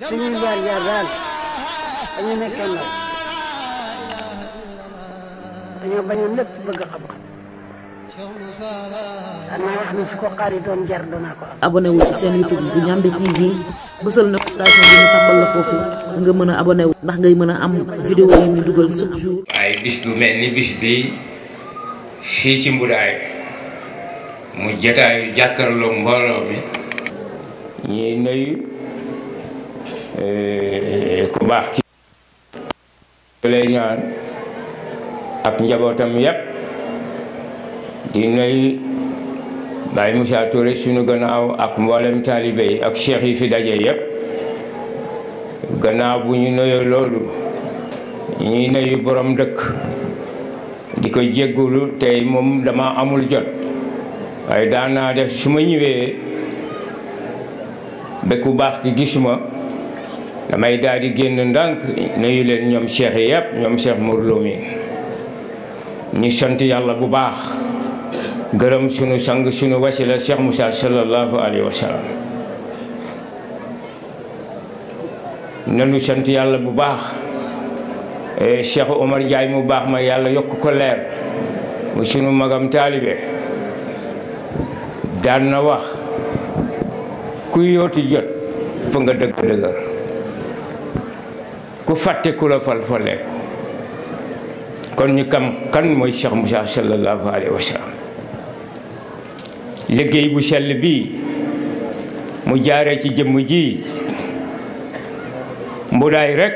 suñuy jaar-jaar daal ba nekkee ndaw dañoo bañoon lépp bëgg xam-xam. xanaa wax seen YouTube bu Ndiamé TV bësal na station bi ñu tàmbal foofu nga mën a abonné ndax ngay mën a am vidéo yi ñu dugal chaque jour. ay bis bu mel ni bis bi fii ci Mboudaay mu jotaayu jàkkaarloog mbooloo mi. ñuy nuyu. Eh, ku baax ki lay ñaan ak njabootam yépp di nuyu Baye Moussa sunu gannaaw ak mboolem taalibe ak cheikh yi fi daje yépp gannaaw bu ñu nuyoo loolu ñuy nuyu borom dëkk di ko jéggulu tey moom dama amul jot waaye daanaa def su ma ñëwee ba ku baax ki gisuma damay daal di génn ndànk nuyu leen ñoom cheikh yi yëpp ñoom cheikh Mourlo mi ñu sant yàlla bu baax gërëm sunu sang sunu wasila cheikh musa sallallahu alayhi wa sallam nanu sant yàlla bu baax e cheikh Omar Ndiaye mu baax ma yàlla yokk ko leer sunu magam taalibe daan na wax kuy yooti jot fa nga dëgg dëgër ku fàtte ku la fal faleeku kon ñu kam kan mooy Cheikh Moussa sallallahu alayhi wa sallam liggéey bu sell bii mu jaaree ci jëmm ji mbudaay rekk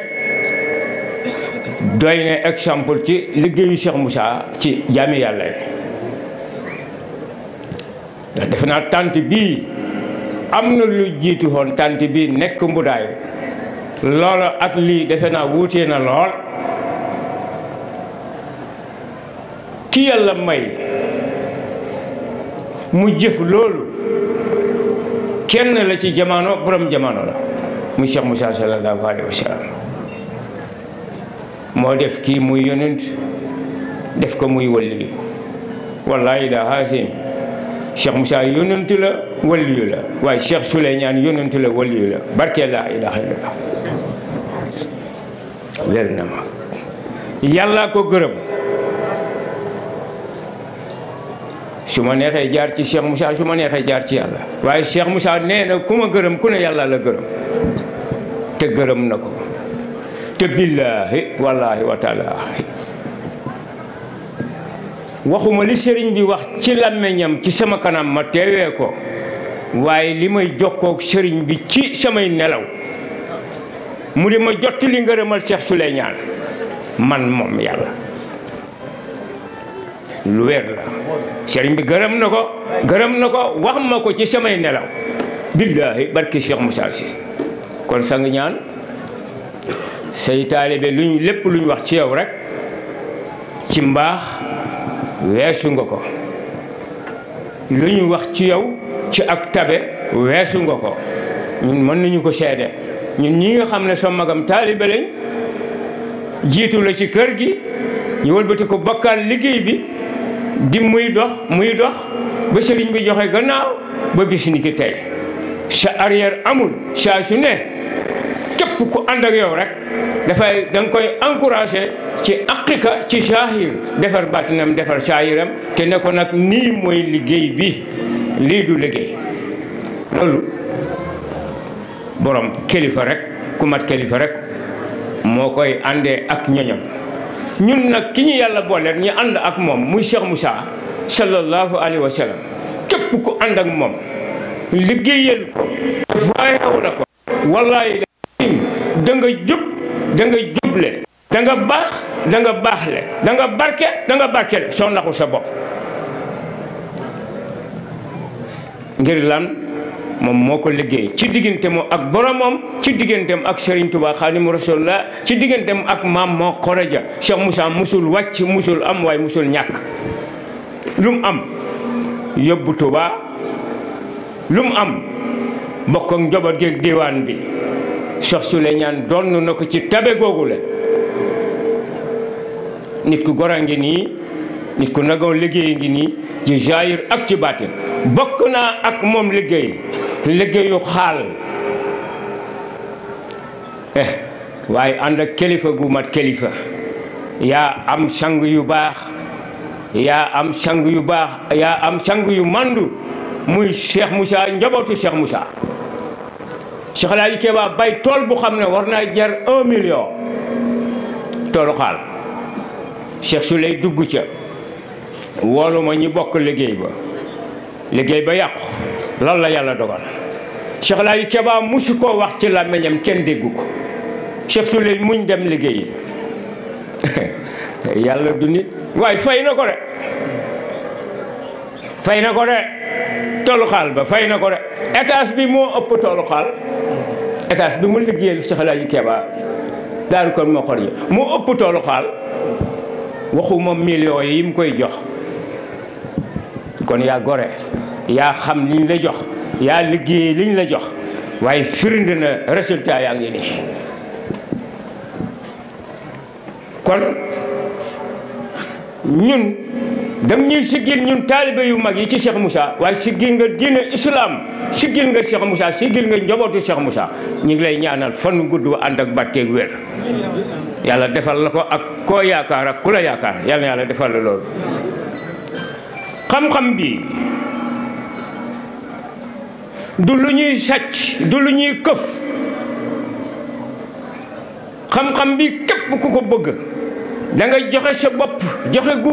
doy na exemple ci liggéeyu Cheikh musa ci jaami yàlla yi ndax defe naa tànt bi am na lu jiitu woon tànt bi nekk mbudaay loolu ak lii defe naa wuutee na lool kii yàlla may mu jëf loolu kenn la ci jamono borom jamono la mu Cheikh Moussa sallallahu alayhi wa sallam moo def kii muy yonent def ko muy waliyu wallahi daa xaasim Cheikh Moussa yonent la waliyu la waaye Cheikh Souleymane yonent la waliyu la barke laa ilaaha illallah wér na ma ko gërëm su ma neexee jaar ci Cheikh Moussa su ma neexee jaar ci yàlla waaye Cheikh Moussa nee na ku ma gërëm ku ne yàlla la gërëm te gërëm na ko te billaahi wallaahi wa waxuma li sëriñ bi wax ci làmmeñam ci sama kanam ma teewee ko waaye li may jokkook sëriñ bi ci samay nelaw mu di ma jot li ngërëmal Cheikh Souleymane man moom yàlla lu wér la sëriñ bi gërëm na ko gërëm na ko wax ma ko ci samay nelaw billaahi barki Cheikh Moussa Cissé kon sang ñaan say taalibe luñ lépp luñ wax ci yow rek ci mbaax weesu nga ko lu ñu wax ci yow ci ak tabe weesu nga ko ñun mën nañu ko seede ñun ñi nga xam ne sa magam taalibe lañ jiitu la ci kër gi ñu wëlbati ko bakkaan liggéey bi di muy dox muy dox ba sëriñ bi joxe gannaaw ba bis ni ki tey sa arrière amul saa su ne képp ku ànd ak yow rek dafay da nga koy encouragé ci aqiqa ci saahir defar baatinam defar saahiram te ne ko nag nii mooy liggéey bi lii du liggéey loolu boroom kilifa rek ku mat kilifa rek moo koy àndee ak ñoñom ñun nag ki ñu yàlla booleel ñu ànd ak moom muy Cheikh Moussa sallallahu alayhi wa képp ku ànd ak moom liggéeyal ko faayewu la ko wallaay da jub da juble da nga baax da nga baaxle da barke da nga barkeel soo naxul sa bopp ngir lan moom moo ko liggéey ci digganteem ak boromam ci digganteem ak Serigne Touba Xaadimu Rasulullah ci digganteem ak maam moo Xoroja Cheikh Moussa musul wàcc musul am waaye musul ñàkk lu mu am yóbbu Touba lu am bokk ak njaboot diwaan bi Cheikh Souleymane donn na ko ci tabe googu la nit ku gor a ngi nii nit ku nagoo liggéey ngi nii ci jaayir ak ci baatin bokk naa ak moom liggéey liggéeyu xaal eh, waaye ànd ak kilifa gu mat kilifa yaa am sang yu baax yaa am sang yu baax yaa am sang yu mandu muy Cheikh Moussa njabootu Cheikh Moussa Cheikh Alaaji bay tool bu xam ne war naa jar un million toolu xaal Cheikh su lay dugg ca woolu ma ñu bokk liggéey ba liggéey ba yàqu lan la yàlla dogal Cheikh Laye Keba musu koo wax ci làmmiñam kenn déggu ko Cheikh Souley muñ dem liggéeyi yàlla du nit waaye fay na ko de fay na ko de toolu xaal ba fay na ko de étage bi moo ëpp toolu xaal étage bi mu liggéeyal Cheikh Laye Keba kon moo xor yi moo ëpp toolu xaal waxuma millions yi mu koy jox kon yaa gore yaa xam liñ la jox yaa liggéey liñ la jox waaye firnde na résultat yaa ngi nii kon ñun dam ñuy siggil ñun taalibe yu mag yi ci Cheikh Moussa waaye siggil nga diine islam siggil nga Cheikh Moussa siggil nga njabootu Cheikh musa ñu ngi lay ñaanal fan gudd wa ànd ak batteeg wér yàlla defal la ko ak koo yaakaar ak ku la yaakaar yàlla yàlla defal la loolu xam-xam bi du luñuy dulunya du luñuy ñuy xam-xam bi kep ku ko bëgg da nga joxe sa bop joxe gu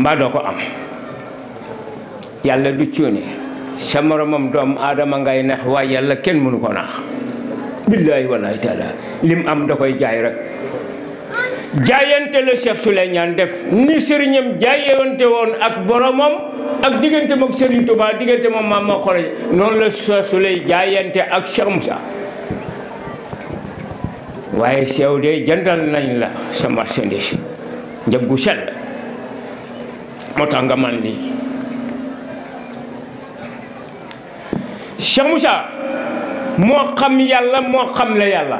wër ko am yalla du cuune sa moromam doomu aadama ngay nax wa yalla kenn mënu ko nax billahi wallahi taala lim am da koy jaay rek jaayante le Cheikh souleyman def ni serignam jaayewante won ak boromam ak diggante moom Serigne Touba diggante moom maam ma xore noonu la sosu lay jaayante ak Cheikh Moussa waaye sew de jëndal nañ la sa marchandise njëg gu sell moo tax nga man nii Cheikh Moussa moo xam yàlla moo xam la yàlla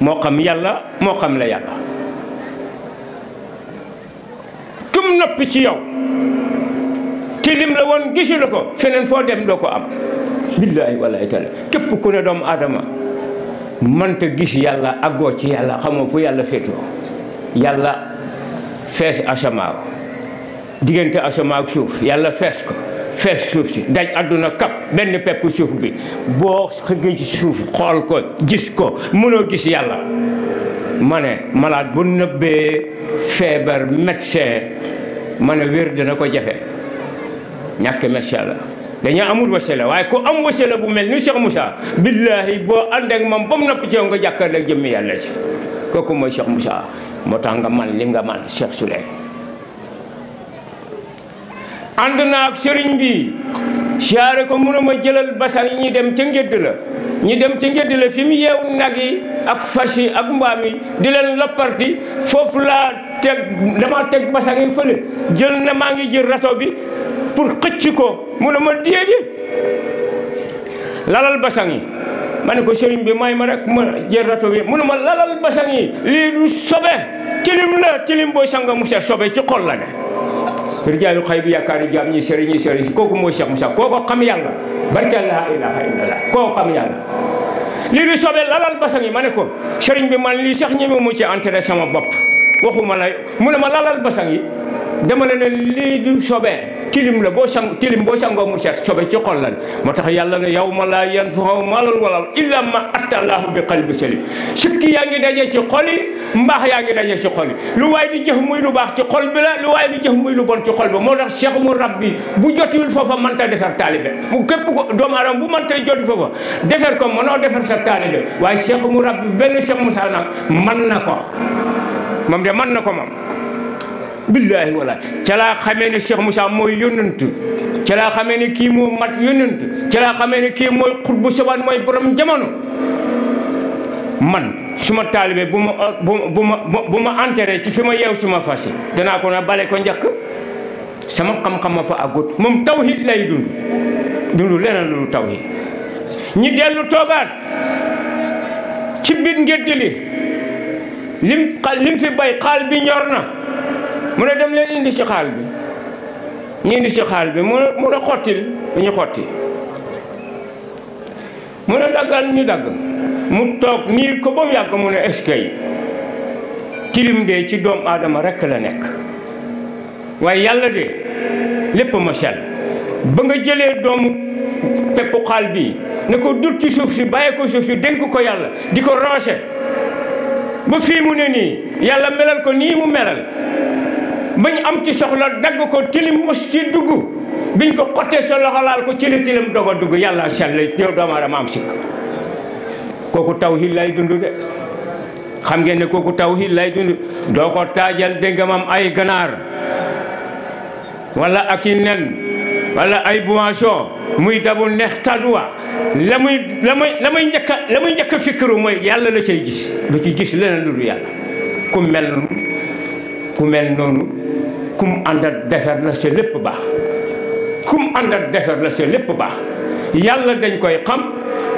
moo xam yàlla moo xam la yàlla mu ci yow te lim la woon gisu ko feneen foo dem doo ko am billaahi ay taala képp ku ne doomu aadama mënta gis yàlla àggoo ci yàlla xamoo fu yàlla féetoo yàlla fees asamaaw diggante asamaa suuf yàlla fees ko fees suuf si daj àdduna kap benn pepp suuf bi boo xëggee ci suuf xool ko gis ko mënoo gis yàlla ma ne malade bu nëbbee feebar médecin ma ne wér dina ko jefe ñàkk médecin la dañoo amul wasila waaye ko am wasila bu mel ni Cheikh Moussa billahi boo ànd ak moom ba mu nopp nga jàkkaarloo ak jëmmi yàlla ci kooku mooy Cheikh musa moo tax nga man li nga man Cheikh Souley ànd naa sëriñ bi siyaare ko mënuma jëlal basang ñi dem ci ngédd la ñi dem ci ngédd la fi mu yeew nag yi ak fas yi ak mbaam yi di leen lopparti foofu laa teg dama teg yi fële na maa ngi jël rato bi pour xëcc ko mënuma déedéet lalal basangi yi ma ne ko sëriñ bi may ma rek ma jël rato bi mënuma lalal basangi yi du sobe tilim la tilim booy sanga mu sobe ci xol la ne rijaalu xay bi yaakaari jaam ñi sëriñ ñi sëriñ kooku mooy Cheikh Moussa kooko xam yàlla barke laa ilaha illallah koo xam yàlla lii soobee lalal basang yi ma ne ko sëriñ bi man lii sax ñeme mu ci entré sama bopp waxuma la mu ne ma lalal basang yi dama la ne lii soobee tilim la boo sang boo sangoo mu set sobe ci xol lan moo tax yàlla ne yawma laa yanfa'u maalun wa illaa man ataa Allaaha bi qalbin saliim sikki yaa ngi daje ci xol yi mbaax yaa daje ci xol lu waay di jëf muy lu baax ci xol bi la lu waay di jëf muy lu bon ci xol bi moo tax cheikh mu rab bi bu jotul foofa mënta defar taalibe mu képp ko doomu aadama bu mënta jot foofa defar ko mënoo defar sa taalibe waaye cheikh mu rab bi benn cheikh mu saa nag mën na ko moom de mën na ko moom billaahi wala ca laa xamee ne mooy yónnant ca laa xamee ne kii moo mat yónnant ca laa xamee ne kii mooy bu sabaan mooy borom jamono man suma taalibe bu ma bu ma bu ma enterré ci fi ma yeew suma fas danaa ko na bale ko njëkk sama xam-xam ma fa àggut moom tawhid lay dund dund leneen lu tawhid ñi dellu toogaat ci biir ngédd li lim lim fi bay xaal bi ñor na mën ne dem indi ci xaal bi ñu indi ci xaal bi mu ne mu xottil ñu xotti mu ne daggal ñu dagg mu toog niir ko ba mu yàgg mu ne eskay tilim de ci doom aadama rekk la nekk waaye yàlla de lépp ma sell ba nga jëlee doomu peppu xaal bi ne ko dut ci suuf si bàyyi ko suuf si dénk ko yàlla di ko roose ba fii mu ne nii yàlla melal ko nii mu melal bañ am ci soxla dagg ko tilim mos ci dugg biñ ko xottee sa loxo laal ko ci la tilim doog a dugg yàlla sell yow doomu aadama am sikk kooku tawhid lay dund de xam ngeen ne kooku tawhid lay dund doo ko taajal dëngamam ay ganaar wala ak i nen wala ay boisson muy dabu neex taduwa la muy la muy la muy njëkk la muy njëkk fikkiru mooy yàlla la cay gis lu ci gis leneen lu dul yàlla ku mel noonu kum ànd ak defar la sa lépp baax kum ànd defar la sa lépp baax yàlla dañ koy xam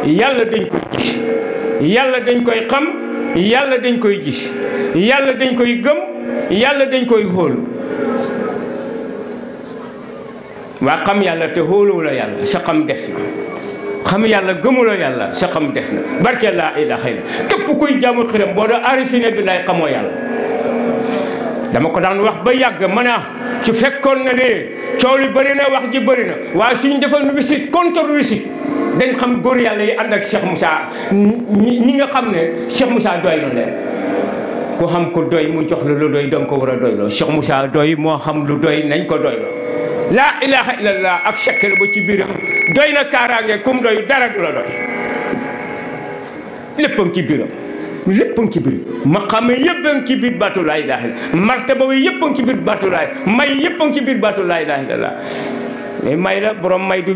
yàlla dañ koy gis yàlla dañ koy xam yàlla dañ koy gis yàlla dañ koy gëm yàlla dañ koy xóolu waa xam yàlla te xóoluwu la yàlla sa xam des na xam yàlla gëmuloo yàlla sa xam des na barke laa ilaha illa képp kuy jaamu xiram boo doo bi lay xamoo yàlla dama ko daan wax ba yàgg mën a ci fekkoon na ne coow li bëri na wax ji bëri na su suñ defoon visite contre visite dañ xam góor yàlla yi ànd ak Cheikh Moussa ñi nga xam ne Cheikh Moussa doy na leen ku xam ko doy mu jox la lu doy danga ko war a doyloo Cheikh Moussa doy moo xam lu doy nañ ko doyloo laa ilaha illallah ak chèque la ba ci biiram doy na kaaraange kum doy dara du la doy léppam ci biiram lépp ngi ci biir maqaame yëpp ngi ci biir baatu laa ilaaha illa martaba bi yëpp ngi baatu laa may yëpp ngi ci biir baatu laa ilaaha illa may la borom may du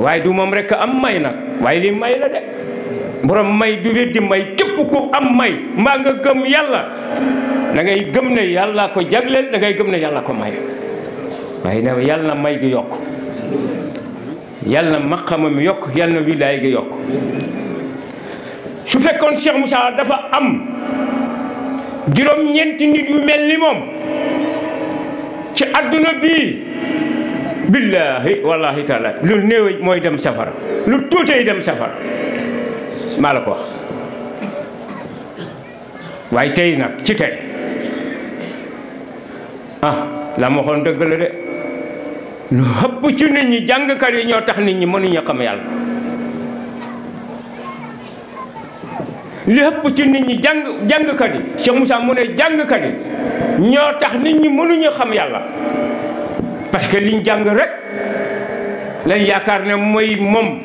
waaye du moom rek am may nag waaye li may la borom may du weddi may képp ku am may maa nga gëm yàlla dangay gëm ne yàlla ko jagleel dangay gëm ne yàlla ko may waaye na yàlla na may gi yokk yàlla na mu yokk yàlla na gi yokk su fekkoon mu Moussa dafa am juróom-ñeenti nit yu mel ni moom ci adduna bii billaahi wallaahi taala lu néew mooy dem safara lu tuutee dem safara maa ko waaye tey nag ci tey ah la ma waxoon dëgg la de lu ëpp ci nit ñi jàngkat yi ñoo tax nit ñi mënuñu xam yàlla lépp ci nit ñi jàng jàngkat yi Cheikh Moussa mu ne jàngkat yi ñoo tax nit ñi mënuñu xam yàlla parce que liñ jàng rek lay yaakaar ne mooy moom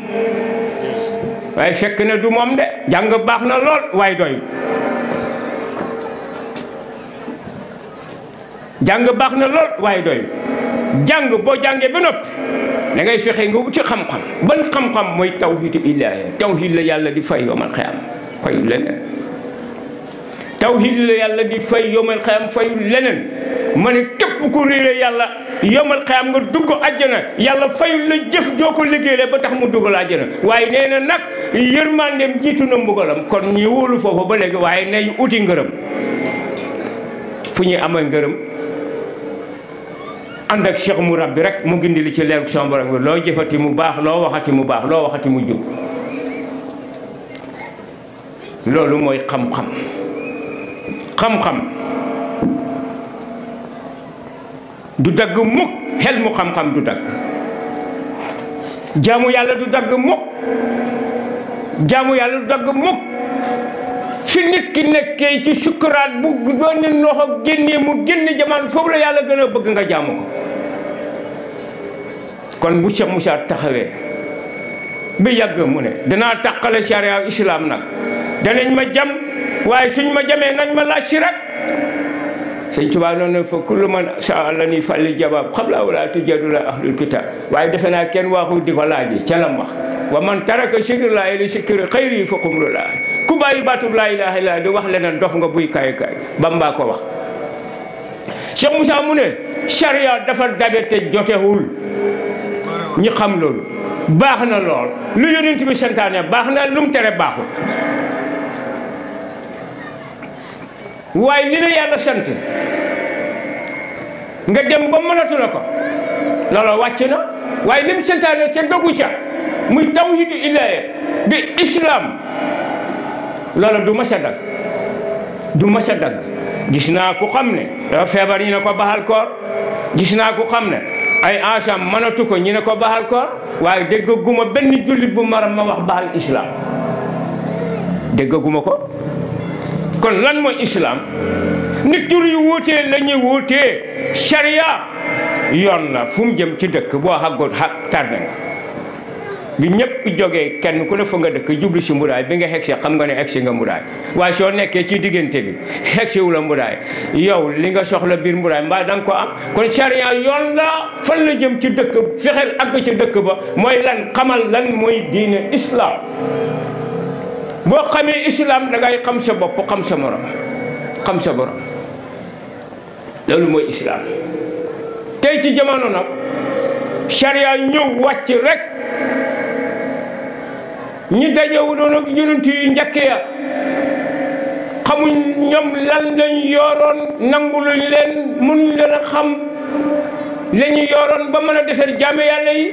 waaye fekk na du moom de jàng baax na lool waaye doy jàng baax na lool waaye doy jàng boo jàngee ba noppi dangay fexe nga wuti xam-xam ban xam-xam mooy tawhidu ilaahi tawhid la yàlla di fay yomal xiyaam fayu leneen taw la yàlla di fay yomal xayam fayu leneen ma ne képp ku réere yàlla yomal xayam nga dugg àjjana yàlla fayu la jëf joo ko liggéeyee ba tax mu dugg dugal àjjana waaye nee na nag yërmandeem jiitu na mbugalam kon ñi wóolu foofu ba léegi waaye nay uti ngërëm fu ñuy amee ngërëm ànd ak cheikh mu rabbi rek mu gindi li ci leeru somborom loo jëfati mu baax loo waxati mu baax loo waxati mu jub loolu mooy xam-xam xam-xam du dagg mukk xel mu xam-xam du dagg jaamu yàlla du dagg mukk jaamu yàlla du dagg mukk fi nit ki nekkee ci sukkuraat bu benn noxo génnee mu génn jamaan foofu la yàlla gën a bëgg nga jaamu ko kon bu Cheikh Moussa taxawee bi yàgg mu ne danaa tàqale charia islam nag danañ ma jam waaye suñ ma jamee nañ ma laaj si rek sëñ Tuubaa noonu fa kullu man saa la ni fàlli jabaab xam laa wala tujadu la ahlul kitab waaye defe naa kenn waxu di ko laaji ca lam wax wa man taraka sikir laa li sikir xëyri fa xumlu laa ku bàyyi baatub laa ilaha illa di wax leneen dof nga buy kaay kaay Bamba ko wax Cheikh Moussa mu ne charia dafa dabe te jotewul ñi xam loolu baax na lool lu yonent bi santaane baax na lu mu baaxul waaye li yàlla sant nga dem ba mënatu ko looloo wàcc na waaye lim santaane ca dogu ca muy tawhidu ilaaya di islam loola du mas a du mas a dagg gis naa ku xam ne feebar ñi ne ko baxal koor gis naa ku xam ne ay ansam mënatu ko ñi ne ko baxal koor waaye déggaguma benn jullit bu maram ma wax baxal islam déggaguma ko kon lan mooy islam nit tur yu wuutee la ñuy wuutee sharia yoon la fu mu jëm ci dëkk boo xaggul xag tardé nga bi ñëpp jógee kenn ku ne nga dëkk jublu si mburaay bi nga ci xam nga ne xegsi nga mburaay waaye soo nekkee ci diggante bi xegsi wu la mburaay yow li nga soxla biir mburaay mbaa da nga ko am kon sharia yoon la fan la jëm ci dëkk fexeel àgg ci dëkk ba mooy lan xamal lan mooy diine islam boo xamee islam da xam sa bopp xam sa morom xam sa borom loolu mooy islam tey ci jamono nag charia ñëw wàcc rek ñi dajewu doon ak yonent yu njëkk ya xamuñ ñoom lan lañ yoroon nanguluñ leen mënuñ leen a xam la ñu ba mën a defar jaame yàlla yi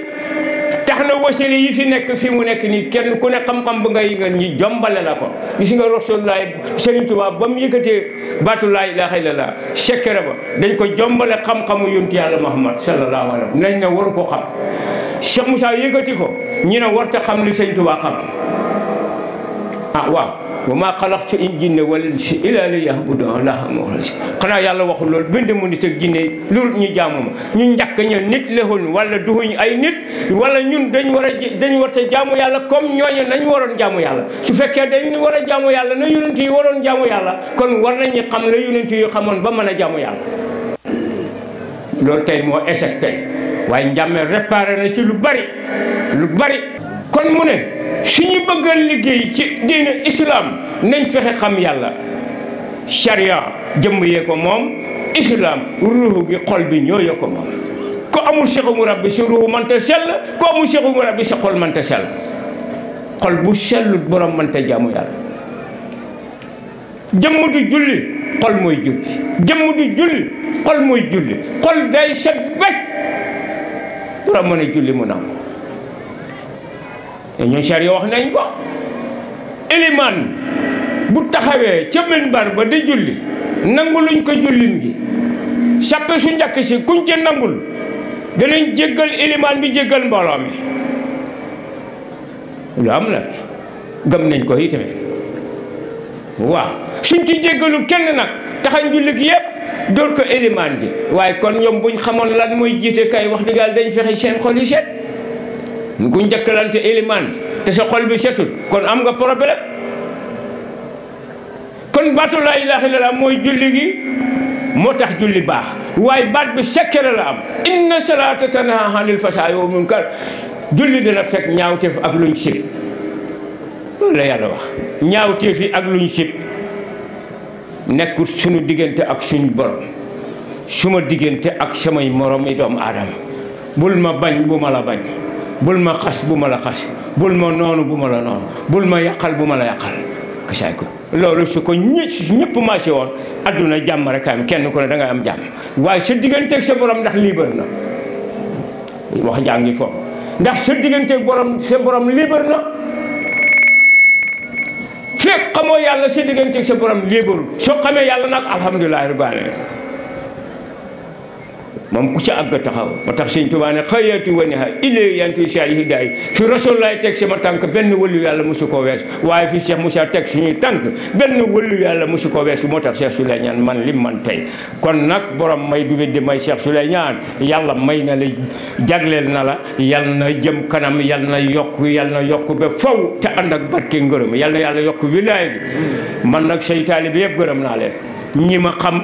tax na wasila yi fi nekk fi mu nekk nii kenn ku ne xam bu nga ngay nga ñi jombale la ko gis nga Rasulullaay Sëriñ Tuubaa ba mu yëkkatee baatu laa ilaaha illallaah sekkere ba dañ ko jombale xam-xamu yonent yàlla Muhammad sallallahu alayhi wa sallam nañ ne waru ko xam Cheikh Moussa yëkkati ko ñu ne warta xam li Sëriñ Tuubaa xam ah waaw wa maa xalaqtu in jinne wala si illaa li yahbudoon laa xamul xanaa yàlla waxul loolu bind mu ni ak jinne loolu ñu jaamu ma ñu njàkk ña nit lexuñ wala duhuñ ay nit wala ñun dañ war a dañ war a jaamu yàlla comme ñooñu nañ waroon jaamu yàlla su fekkee dañ war a jaamu yàlla na yonent yi waroon jaamu yàlla kon war nañu xam la yonent yi xamoon ba mën a jaamu yàlla loolu tey moo échec tey waaye njàmme réparé na ci lu bari lu bari kon mu suñu bëgg a liggéey ci diine islam nañ fexe xam yàlla charia jëmm yee ko moom islam ruuxu gi xol bi ñoo yee ko moom ku amul Cheikh Oumar Rabbi sa ruuxu mënta sell ku amul Cheikh Oumar Rabbi sa xol mënta sell xol bu sellut borom mënta jaamu yàlla jëmm du julli xol mooy julli jëmm du julli xol mooy julli xol day set borom mën a julli mu nangu ñun charia wax nañ ko ilimaan bu taxawee ca minbar ba di julli nanguluñ ko jullin gi sàppe su njàkk si kuñ ca nangul danañ jéggal ilimaan bi jéggal mbooloo mi lu am la gëm nañ ko itamit waaw suñ ci jéggalu kenn nag taxañ julli gi yépp dóor ko ilimaan gi waaye kon ñoom buñ xamoon lan mooy jiite kay wax dëgg dañ fexe seen xol ku njëkkalante élimaan te sa xol bi setul kon am nga problème kon baatu laa ilaaha illallaah mooy julli gi moo tax julli baax waaye baat bi sekkere la am inna salaata tanhaa anil fahshaa'i wal munkar julli dana fekk ñaawteef ak luñ sib loolu la yàlla wax ñaawteef yi ak luñ sib nekkul suñu diggante ak suñu borom suma diggante ak samay moromi doomu aadama bul ma bañ bu ma la bañ bul ma xas bu ma la xas bul ma noonu bu ma la noonu bul ma yàqal bu ma la yàqal kasaay ko loolu su ko ñë ñëpp marché woon adduna jàmm rek am kenn ku ne da nga am jàmm waaye sa digganteeg sa borom ndax libre na wax jaa ngi foofu ndax sa digganteeg borom sa borom libre na fekk xamoo yàlla sa digganteeg sa borom libre soo xamee yàlla nag alhamdulilah rabbil moom ku ci àgg taxaw moo tax si sëñ Tuubaa ne xëyatu wa niha illee yantu sal hidaay fi rasul laay teg sama tànk benn wëllu yàlla mosu ko wees waaye fi Cheikh Moussa teg suñuy tànk benn wëllu yàlla mosu ko weesu moo tax Cheikh Souleymane man li man tey kon nag borom may du weddi may Cheikh Souleymane yàlla may na la jagleel na la yàlla na jëm kanam yàlla na yokk yàlla na yokk ba faw te ànd ak barke ngërëm yàlla na yàlla yokk wilaay bi man nag say taalibe yëpp gërëm naa leen ñi ma xam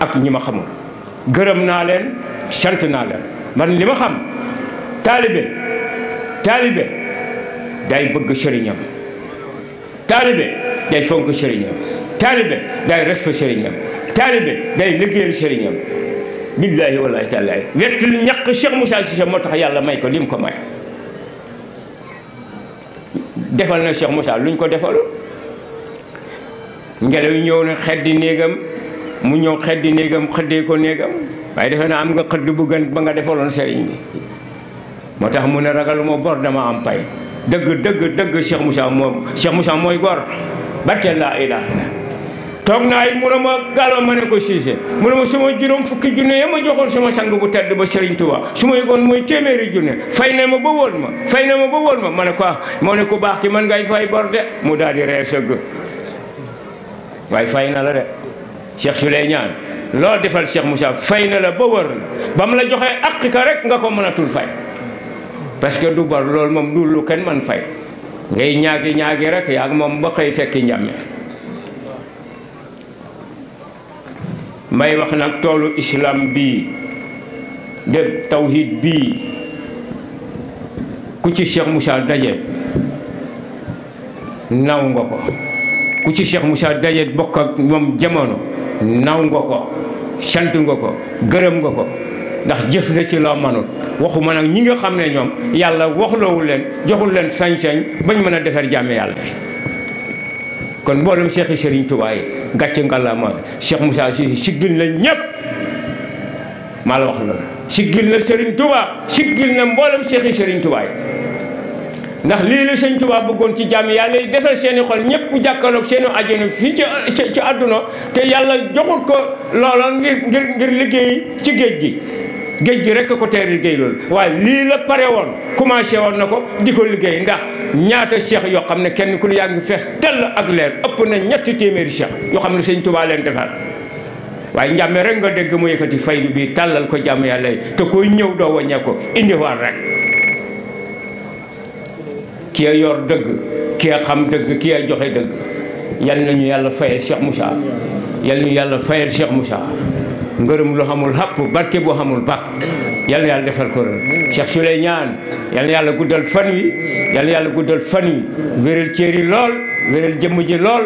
ak ñi ma xamul gërëm naa leen sant naa leen man li ma xam taalibe taalibe day bëgg sëriñam taalibe day fonk sëriñam taalibe day respect sëriñam taalibe day liggéeyal sëriñam billaahi wallaahi taalaahi wettu lu ñàkk Cheikh Moussa Cissé moo tax may ko li ko may defal na Cheikh Moussa luñ ko defal ngelaw yi na xeddi néegam mu ñëw xeddi néegam xëddee ko néegam waaye defe naa am nga xëdd bu gën ba nga defaloon sëriñ bi moo tax mu ne ragaluma bor dama am pay dëgg dëgg dëgg Cheikh Moussa moom Cheikh Moussa mooy gor barke laa ilaha toog naa yi mu ne ma gàlloo ma ne ko siise mu ne ma su ma juróom fukki junne ya ma joxoon sama sang bu tedd ba Serigne Touba su ma yëgoon mooy téeméeri junne fay ne ma ba wóor ma fay na ma ba wóor ma ma ne ko moo ne ku baax ki man ngay fay bor de mu daal di ree sëgg Cheikh ñaan loo defal Cheikh musa fay na la ba wër ba mu la joxee àq ka rek nga ko mënatul fay parce que du bar loolu moom du lu kenn man fay ngay ñaagi ñaagi rek yaa ngi moom ba xëy fekki njàmme may wax nag toolu islam bii de tawhid bii ku ci Cheikh Moussa daje naw nga ko ku ci Cheikh Moussa daje bokk ak moom jamono naw nga ko sant nga ko gërëm nga ko ndax jëf nga ci loo manut waxuma nag ñi nga xam ne ñoom yàlla waxloowul leen joxul leen sañ-sañ bañ mën a defar jàmm yàlla kon mboolem Cheikh yi Serigne Touba yi gàcce ngàllaama Cheikh Moussa si siggil na ñëpp maa la wax loolu siggil na Serigne Touba siggil mboolem Cheikh yi ndax lii la sëñ Tuubaa bëggoon ci jàmm yàlla yi defal seen xol ñëpp jàkkaarloog seen i àjjana fii ci ci àdduna te yàlla joxul ko loola ngir ngir liggéey ci géej gi. géej gi rek ko teel liggéey loolu waaye lii la pare woon commencé woon na ko di ko liggéey ndax ñaata cheikh yoo xam ne kenn ku ne yaa ngi fees tell ak leer ëpp na ñetti téeméeri cheikh yoo xam ne sëñ Tuubaa leen defar. waaye njàmme rek nga dégg mu yëkkati faydu bii tàllal ko jàmm yàlla yi te koy ñëw doo wàññeeku indiwaat rek. ki a yor dëgg ki a xam dëgg ki a joxe dëgg yal nañu yàlla fayal Cheikh Moussa yal nañu yàlla fayal Cheikh Moussa ngërëm lu xamul xàpp barke bu xamul bàkk yal na yàlla defal ko rek Cheikh Souleymane yal na yàlla guddal fan wi yal na yàlla guddal fan wi wéral cër yi lool wéral jëmm ji lool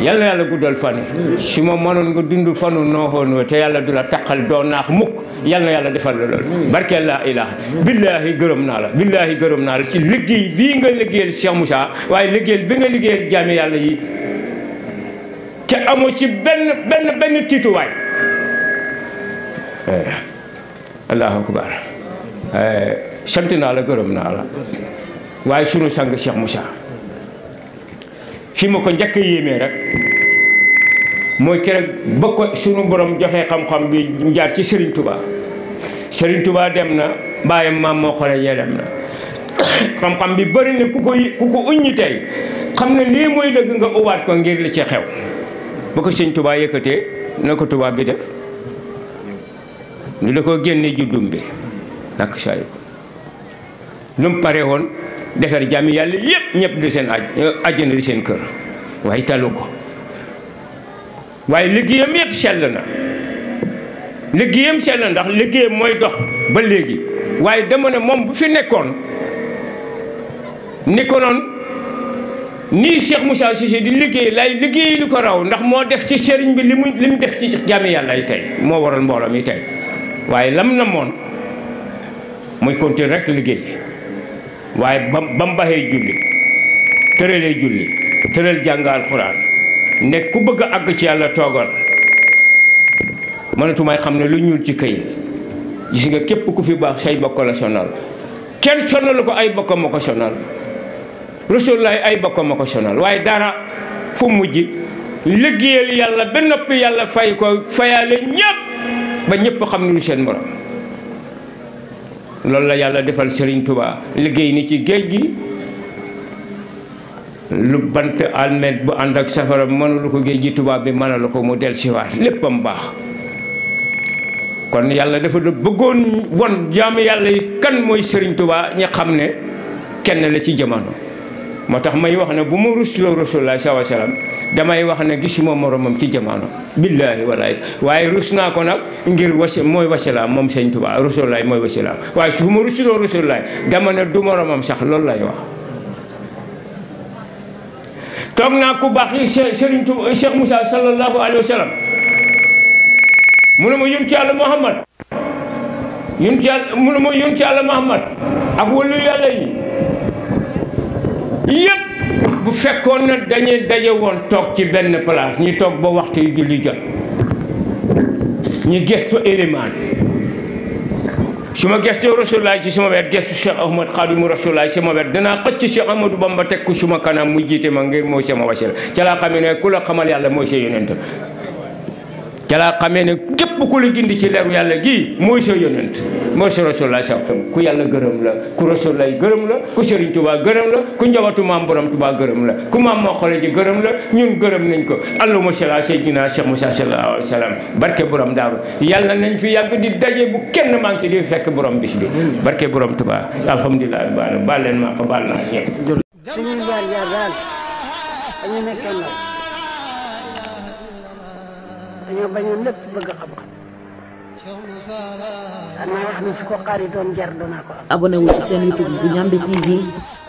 yàlla yàlla guddal fan yi su ma mënoon nga dund fanu nooxoon wa te yàlla du la taqal doo naax mukk yal yàlla defal la lool barkeel laa ilaha billaahi gërëm naa la billaahi gërëm naa la ci liggéey bii nga liggéeyal Cheikh Moussa waaye liggéeyal bi nga liggéeyal jaami yàlla yi te amoo ci benn benn benn tiituwaay eh, allahu akbar eh, sant naa la gërëm naa la waaye sunu sang Cheikh Moussa fi ma ko njëkk a yéemee rek mooy keroog ba ko sunu borom joxee xam-xam bi jaar ci Serigne Touba Serigne Touba dem na bàyyam maam moo xoolee yee dem na. xam-xam bi bëri na ku ko ku tey xam ne lii mooy dëgg nga uwaat ko ngir li ci xew ba ko Serigne Touba yëkkatee na ko Touba bi def lu da ko génne juddum bi ak saa yu lu mu pare defar jàmm yàlla yëpp ñëpp di seen aj àjjana di seen kër waaye talu ko waaye liggéeyam yëpp sell na liggéeyam sell na ndax liggéeyam mooy dox ba léegi waaye dama ne moom bu fi nekkoon ni ko noon nii Cheikh Moussa Cissé di liggéey lay liggéey lu ko raw ndax moo def ci sëriñ bi li mu li mu def ci jàmmi yàlla yi tey moo waral mbooloo mi tey waaye lam na moon mooy continuer rek liggéey waaye ba ba mu baxee julli tëralee julli tëral jàng alxuraan ne ku bëgg ag ci yàlla toogal mënatu may xam ne lu ñuul ci këyit gis nga képp ku fi baax say bokk la sonal kenn sonalu ko ay bokkam ma ko sonal rasulullaay ay bokkam ma ko sonal waaye dara fu mujj liggéeyal yàlla ba noppi yàlla fay ko fayaale ñépp ba ñépp xam ne lu seen morom loolu la yàlla defal sëriñ Touba liggéey ni ci géej gi lu bant almet bu ànd ak safara mënulu ko géej gi tubaab bi mënalu ko mu del siwaat léppam baax kon yàlla dafa du bëggoon won jaami yàlla yi kan mooy sëriñ Touba ñi xam ne kenn la ci jamono moo tax may wax ne bu ma rusloo rasulullah sallallahu alayhi wasallam damay wax ne gisuma moromam ci jamono billaahi walaay waaye rus naa ko nag ngir wasi mooy wasilaam moom sëñ Tuubaa rusulaay mooy wasilaam waaye su ma rusuloo dama ne du moromam sax loolu lay wax toog naa ku baax yi musa Tuubaa Cheikh Moussa sallallahu alayhi wa mu ne ma yun ci yàlla Muhammad yun ci yàlla mu ne ma yun ci yàlla bu fekkoon na dañuy daje woon toog ci benn place ñu toog ba waxtu yu julli jot ñu su élimaan su ma gestoo Rasulaay si sama wet gestu Cheikh Ahmad Xaadimu Rasulaay sama wet danaa xëcc Cheikh Ahmadou Bamba teg ko suma kanam mu jiite ma ngir mooy sama wasila ca laa xam ne ku la xamal yàlla mooy sa yonent ca laa xamee ne képp ku la gindi ci leeru yàlla gii mooy sa yonent mooy sa rasulullah sa ku yàlla gërëm la ku rasulullah gërëm la ku Sëriñ Tuubaa gërëm la ku njabootu maam borom Tuubaa gërëm la ku maam moo xale ji gërëm la ñun gërëm nañ ko allahumma salli ala sayyidina Cheikh Moussa sallallahu alayhi wa sallam barke borom daaru yàlla nañ fi yàgg di daje bu kenn manqué di fekk borom bis bi barke borom Tuubaa alhamdulilah baal leen maa ko baal naa ñëpp dañoo bañoon lépp bëgg xam-xam xanaa wax ni su ko xaari doon jar doonaa ko am. abonné seen YouTube bu Ndiamé TV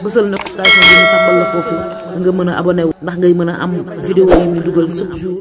bësal notification bi ñu tàmbal nga mën a abonné ndax ngay mën a am vidéo yi ñu dugal chaque jour.